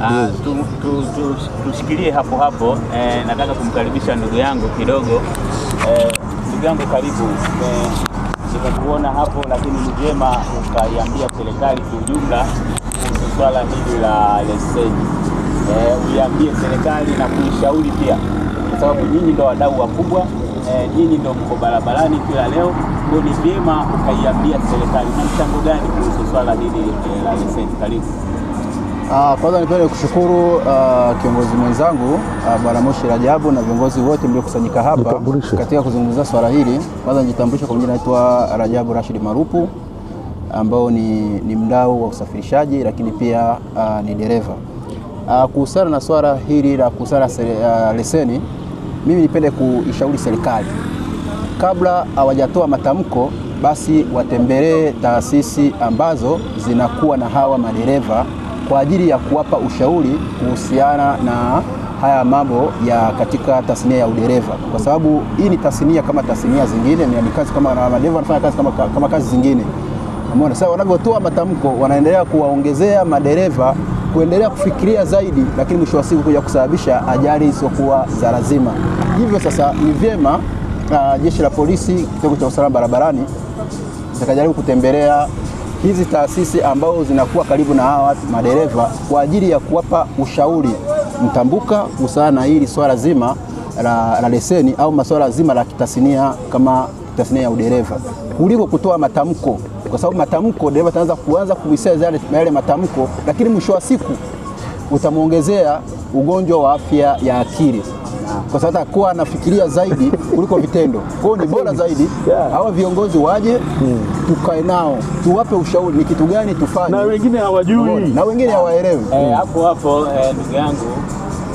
Ah, tushikilie hapo hapo. E, nataka kumkaribisha ndugu yangu kidogo. E, ndugu yangu karibu. E, nimekuona hapo, lakini ni vyema ukaiambia serikali kiujumla kuhusu swala hili la leseni. E, uiambie serikali na kuishauri pia, kwa sababu nyinyi ndo wadau wakubwa E, nyinyi mko barabarani kila leo, ko ni vyema ukaiambia serikali na mchango gani kuhusu swala hili la leseni. Karibu. Uh, kwanza nipende kushukuru uh, kiongozi mwenzangu uh, Bwana Moshi Rajabu na viongozi wote mliokusanyika hapa katika kuzungumzia swala hili. Kwanza nijitambulishe kwa jina, naitwa Rajabu Rashid Marupu ambao ni, ni mdau wa usafirishaji lakini pia uh, ni dereva. Uh, kuhusiana na swala hili la kuhusiana uh, leseni, mimi nipende kuishauri serikali kabla hawajatoa matamko basi watembelee taasisi ambazo zinakuwa na hawa madereva kwa ajili ya kuwapa ushauri kuhusiana na haya mambo ya katika tasnia ya udereva, kwa sababu hii ni tasnia kama tasnia zingine, ni kazi kama na madereva wanafanya kazi kama, kama kazi zingine. Umeona sasa, wanavyotoa matamko wanaendelea kuwaongezea madereva kuendelea kufikiria zaidi, lakini mwisho wa siku kuja kusababisha ajali isiyokuwa za lazima. Hivyo sasa ni vyema uh, jeshi la polisi, kitengo cha usalama barabarani, zitakajaribu kutembelea hizi taasisi ambazo zinakuwa karibu na hawa watu madereva kwa ajili ya kuwapa ushauri mtambuka kuhusiana na hili swala zima la, la leseni au masuala zima la kitasinia kama tasnia ya udereva kuliko kutoa matamko, kwa sababu matamko dereva ataanza kuanza kuisea yale matamko, lakini mwisho wa siku utamwongezea ugonjwa wa afya ya akili kwa sababu atakuwa anafikiria zaidi kuliko vitendo. Kwa hiyo ni bora zaidi yeah. hawa viongozi waje mm. tukae nao tuwape ushauri ni kitu gani tufanye, na wengine hawajui na wengine ah. hawaelewi eh, hmm. hapo hapo eh, ndugu yangu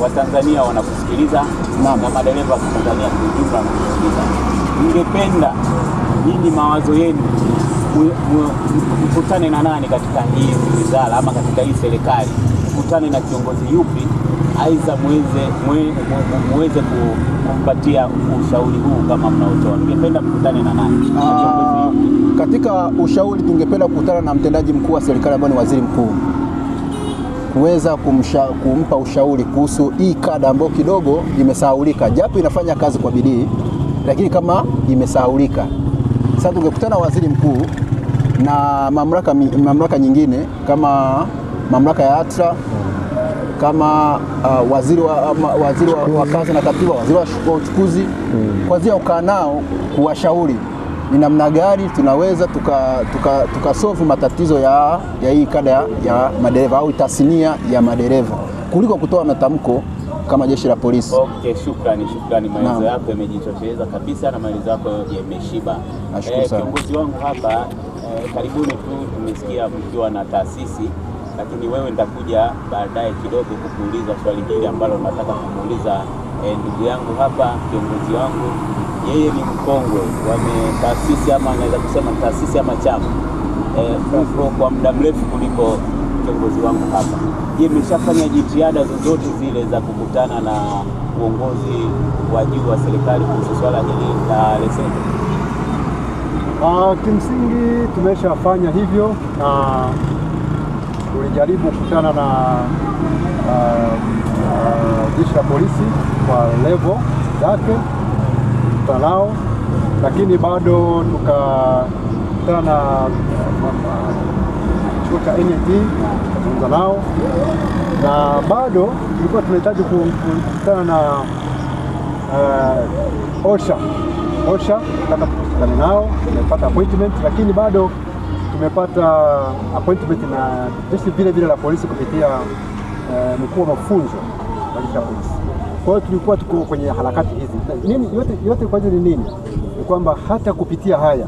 Watanzania wanakusikiliza na, madereva wa Tanzania kiujumla wanakusikiliza. Ningependa nini mawazo yenu mkutane na nani katika hii wizara ama katika hii serikali, mkutane na kiongozi yupi aidha muweze muweze kumpatia ushauri huu kama mnaotoa, ningependa mkutane na nani? Ah, katika ushauri, tungependa kukutana na mtendaji mkuu wa serikali ambaye ni waziri mkuu kuweza kumpa ushauri kuhusu hii kada ambayo kidogo imesahaulika, japo inafanya kazi kwa bidii, lakini kama imesahaulika. Sasa tungekutana waziri mkuu na mamlaka, mamlaka nyingine kama mamlaka ya ATRA kama uh, waziri wa, ma, waziri wa, wa kazi na katiba, waziri wa uchukuzi mm. kwanzia ukaa nao kuwashauri ni namna gani tunaweza tukasofu tuka, tuka matatizo ya, ya hii kada ya, ya madereva au tasnia ya madereva kuliko kutoa matamko kama jeshi la polisi. Okay, shukrani, shukrani. Maelezo yako yamejitosheleza kabisa na maelezo yako yameshiba. Nashukuru eh, sana. Eh, kiongozi wangu hapa eh, karibuni tu tumesikia mkiwa na taasisi lakini wewe nitakuja baadaye kidogo kukuuliza swali hili ambalo nataka kumuuliza e, ndugu yangu hapa, kiongozi wangu, yeye ni mkongwe wame taasisi ama anaweza kusema taasisi ama chama eh, e, fufro kwa muda mrefu kuliko kiongozi wangu hapa. Je, imeshafanya jitihada zozote zile za kukutana na uongozi wa juu wa serikali kuhusu swala hili la leseni? Uh, kimsingi tumeshafanya hivyo na uh, tulijaribu kukutana na uh, uh, jeshi la polisi kwa levo zake mtalao, lakini bado tukakutana na uh, chuo cha NIT kuzungumza nao, na bado tulikuwa tunahitaji kukutana na uh, OSHA OSHA, nataka tukutane nao, tumepata appointment, lakini bado tumepata appointment na jeshi vile vile la polisi kupitia uh, mkuu wa mafunzo wa jeshi la polisi. Kwa hiyo tulikuwa tuko kwenye harakati hizi nini, yote, yote kwa ajili nini? Ni kwamba hata kupitia haya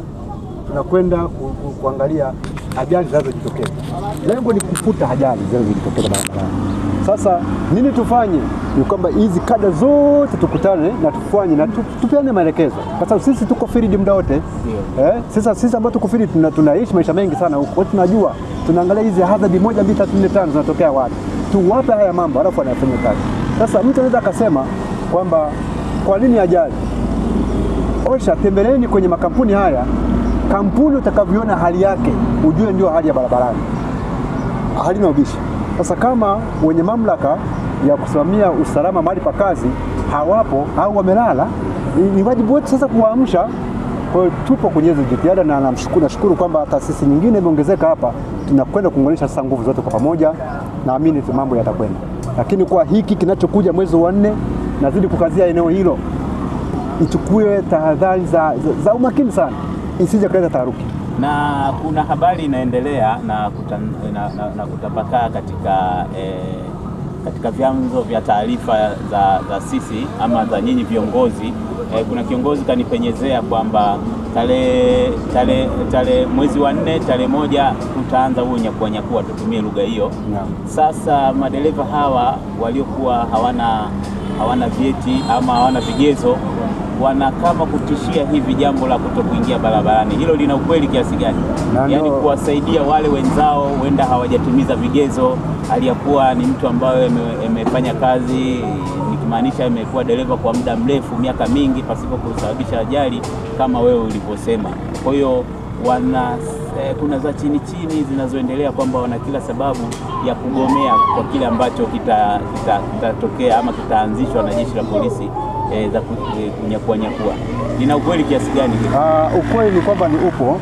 tunakwenda ku, ku, kuangalia ajali zinazojitokeza. Lengo ni kufuta ajali zinazojitokeza barabarani. Sasa nini tufanye? Ni kwamba hizi kada zote tukutane na tufanye na tupeane maelekezo, kwa sababu sisi tuko field muda wote Eh, sasa sisi ambao tuko field tunaishi maisha mengi sana huko, tunajua tunaangalia hizi hadhabi moja, mbili, tatu, nne, tano zinatokea wapi, tuwape haya mambo alafu anafanya kazi. Sasa mtu anaweza akasema kwamba kwa nini ajali? Osha, tembeleni kwenye makampuni haya, kampuni utakavyoona hali yake ujue ndio hali ya barabarani, halina ubishi. Sasa kama wenye mamlaka ya kusimamia usalama mahali pa kazi hawapo au wamelala, ni wajibu wetu sasa kuwaamsha. Kwa hiyo tupo kwenye hizo jitihada, na nashukuru kwamba taasisi nyingine imeongezeka hapa. Tunakwenda kuunganisha sasa nguvu zote kwa pamoja, naamini mambo yatakwenda. Lakini kwa hiki kinachokuja mwezi wa nne, nazidi kukazia eneo hilo, ichukue tahadhari za, za, za umakini sana, isije kuleta taharuki na kuna habari inaendelea na, kuta, na, na, na kutapakaa katika eh, katika vyanzo vya taarifa za, za sisi ama za nyinyi viongozi eh, kuna kiongozi kanipenyezea kwamba tarehe tale, tale mwezi wa nne tarehe moja tutaanza huo nyakua nyakua, tutumie lugha hiyo. Sasa madereva hawa waliokuwa hawana hawana vyeti ama hawana vigezo, wana kama kutishia hivi jambo la kutokuingia barabarani. Hilo lina ukweli kiasi gani? Yaani kuwasaidia wale wenzao huenda hawajatimiza vigezo, aliyakuwa ni mtu ambaye amefanya kazi nikimaanisha imekuwa dereva kwa muda mrefu, miaka mingi, pasipo kusababisha ajali kama wewe ulivyosema. Kwa hiyo wana eh, kuna za chini chini zinazoendelea kwamba wana kila sababu ya kugomea kwa kile ambacho kitatokea kita, kita ama kitaanzishwa na jeshi la polisi eh, za eh, kunyakua nyakua. Ina ukweli kiasi gani? Uh, ukweli ni kwamba ni upo,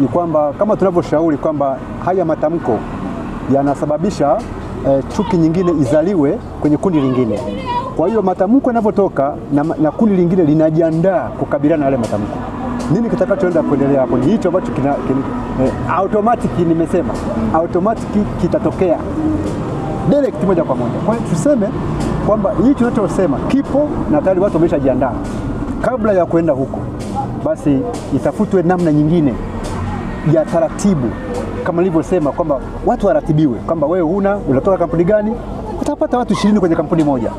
ni kwamba kama tunavyoshauri kwamba haya matamko yanasababisha eh, chuki nyingine izaliwe kwenye kundi lingine. Kwa hiyo matamko yanavyotoka na, na kundi lingine linajiandaa kukabiliana na yale matamko nini kitakachoenda kuendelea hapo ni hicho ambacho kina, kina, eh, automatic nimesema mm. automatic kitatokea direct moja kwa moja. Kwa hiyo tuseme kwamba hii tunachosema kipo na tayari watu wameshajiandaa kabla ya kwenda huko, basi itafutwe namna nyingine ya taratibu, kama nilivyosema kwamba watu waratibiwe, kwamba wewe huna unatoka kampuni gani, utapata watu ishirini kwenye kampuni moja,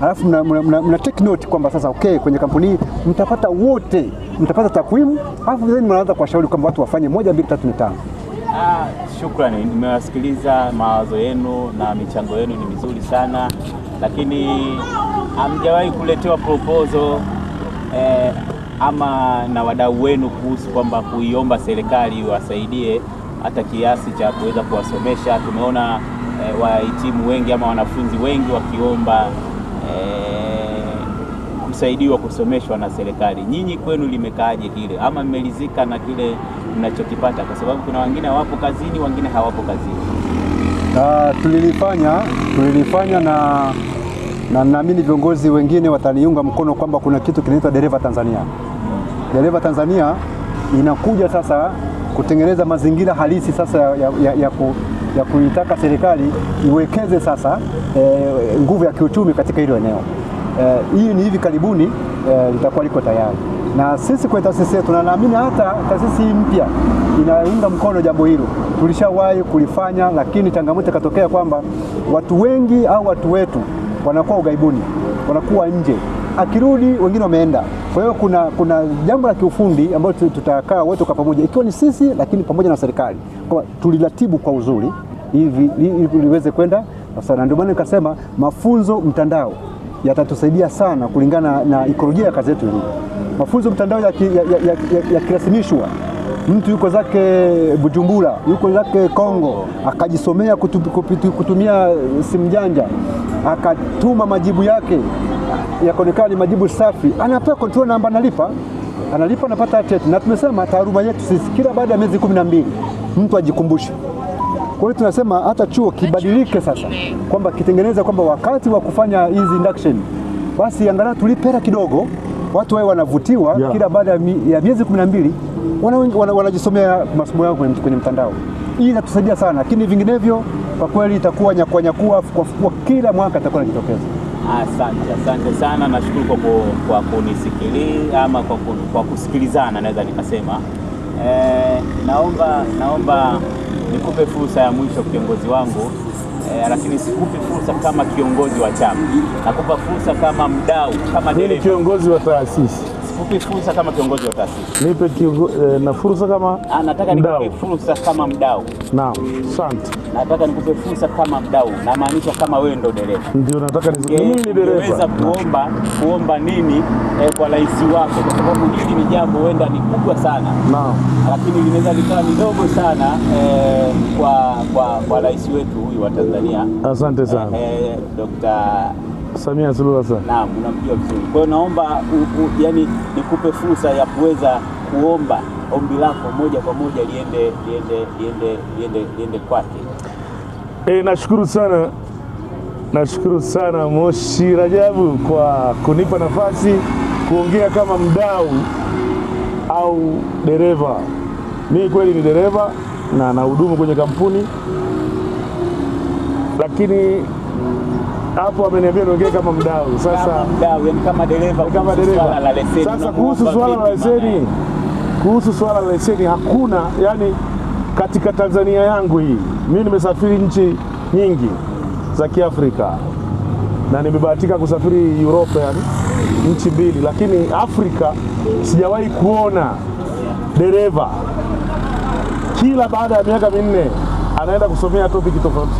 alafu mna, mna, mna, mna take note kwamba sasa okay, kwenye kampuni hii mtapata wote, mtapata takwimu, alafu then mnaanza kuwashauri kwamba watu wafanye moja, mbili, tatu, nne, tano. Ah, shukrani, nimewasikiliza mawazo yenu na michango yenu ni mizuri sana, lakini hamjawahi kuletewa proposal eh, ama na wadau wenu kuhusu kwamba kuiomba serikali iwasaidie hata kiasi cha kuweza kuwasomesha. Tumeona eh, wahitimu wengi ama wanafunzi wengi wakiomba eh, kusaidiwa kusomeshwa na serikali. Nyinyi kwenu limekaaje kile, ama mmelizika na kile mnachokipata? Kwa sababu kuna wengine wapo kazini, wengine hawapo kazini. Uh, tulilifanya tulilifanya na na naamini viongozi wengine wataniunga mkono kwamba kuna kitu kinaitwa Dereva Tanzania. Dereva Tanzania inakuja sasa kutengeneza mazingira halisi sasa ya, ya, ya, ya, ku, ya kuitaka serikali iwekeze sasa e, nguvu ya kiuchumi katika hilo eneo. Eh, hii e, ni hivi karibuni e, litakuwa liko tayari, na sisi kwa taasisi yetu tunaamini hata taasisi hii mpya inaunga mkono jambo hilo. Tulishawahi kulifanya, lakini changamoto ikatokea kwamba watu wengi au watu wetu wanakuwa ugaibuni, wanakuwa nje akirudi wengine wameenda. Kwa hiyo kuna, kuna jambo la kiufundi ambalo tutakaa wote kwa pamoja, ikiwa ni sisi lakini pamoja na serikali, kwa tuliratibu kwa uzuri hivi ili liweze kwenda sana. Ndio maana nikasema mafunzo mtandao yatatusaidia sana kulingana na ikolojia ya kazi yetu hii. Mafunzo mtandao yakirasimishwa ya, ya, ya, ya mtu yuko zake Bujumbura, yuko zake Kongo, akajisomea kutumia eh, simu janja, akatuma majibu yake yakaonekana ni majibu safi, anapewa control namba, analipa analipa, anapata cheti. Na tumesema taaluma yetu sisi kila baada ya miezi kumi na mbili mtu ajikumbushe. Kwa hiyo tunasema hata chuo kibadilike sasa, kwamba kitengeneza kwamba wakati wa kufanya hizi induction basi angalau tulipe hela kidogo watu wao wanavutiwa yeah. Kila baada ya miezi kumi na mbili wanajisomea wana, wana masomo yao kwenye, kwenye mtandao. Hii inatusaidia sana, lakini vinginevyo kwa kweli itakuwa nyakua nyakua kwa, kwa kila mwaka itakuwa inajitokeza. Asante, asante sana, nashukuru kwa, kwa kunisikiliza ama kwa, kwa kusikilizana naweza nikasema. E, naomba naomba nikupe fursa ya mwisho, kiongozi wangu eh, lakini sikupi fursa kama kiongozi wa chama, nakupa fursa kama mdau, kama dereva, kiongozi wa taasisi fupi fursa kama kiongozi wa taasisi. Nipe kiongo, eh, na fursa kama ah, nataka nikupe fursa kama mdau. Naam, asante. Nataka nikupe fursa kama mdau, namaanisha kama wewe ndo dereva. Ndio nataka mimi ni dereva. Unaweza kuomba kuomba nini eh, kwa rais wako, kwa sababu hili ni jambo huenda ni kubwa sana. Naam. Lakini linaweza likawa ni dogo sana eh, kwa kwa kwa rais wetu huyu wa Tanzania. Asante sana. Eh, eh, Dr. Samia Suluhu Hassan. Naam, unamjua vizuri. Kwa hiyo naomba yani nikupe fursa ya kuweza kuomba ombi lako moja kwa moja liende liende liende liende liende kwake. E, nashukuru sana nashukuru sana Moshi Rajabu kwa kunipa nafasi kuongea kama mdau au dereva. Mimi kweli ni dereva na nahudumu kwenye kampuni, lakini hapo ameniambia niongee kama mdau. Sasa mdau, yani kama dereva, kama dereva. Swala la leseni. Sasa kuhusu swala la leseni, kuhusu swala la leseni hakuna, yani katika Tanzania yangu hii, mimi nimesafiri nchi nyingi za Kiafrika na nimebahatika kusafiri Europe, yani nchi mbili, lakini Afrika sijawahi kuona dereva kila baada ya miaka minne anaenda kusomea topiki tofauti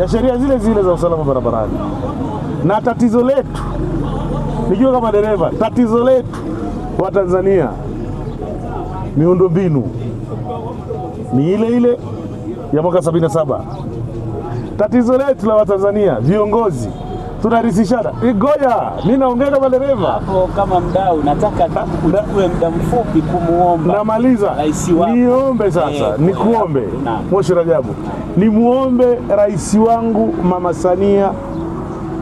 ya sheria zile zile za usalama barabarani. Na tatizo letu, nikiwa kama dereva, tatizo letu wa Tanzania, miundombinu ni ile ile ya mwaka 77. Tatizo letu la Watanzania viongozi tunarisishana igoya, mi naongea kama dereva hapo, kama mdau. Nataka uchukue muda mfupi kumuomba, namaliza niombe sasa, eh, nikuombe Moshi Rajabu, nimuombe rais wangu Mama Samia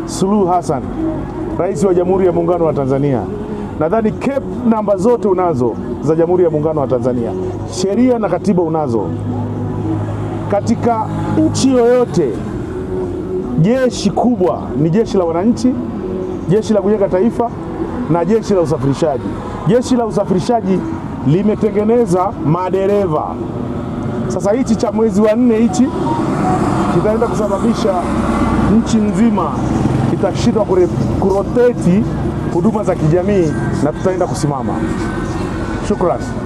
Suluhu Hassan, rais wa Jamhuri ya Muungano wa Tanzania. Nadhani cap namba zote unazo za Jamhuri ya Muungano wa Tanzania, sheria na katiba unazo. Katika nchi yoyote Jeshi kubwa ni jeshi la wananchi, jeshi la kujenga taifa na jeshi la usafirishaji. Jeshi la usafirishaji limetengeneza madereva. Sasa hichi cha mwezi wa nne hichi kitaenda kusababisha nchi nzima kitashindwa kuroteti huduma za kijamii na tutaenda kusimama. Shukrani.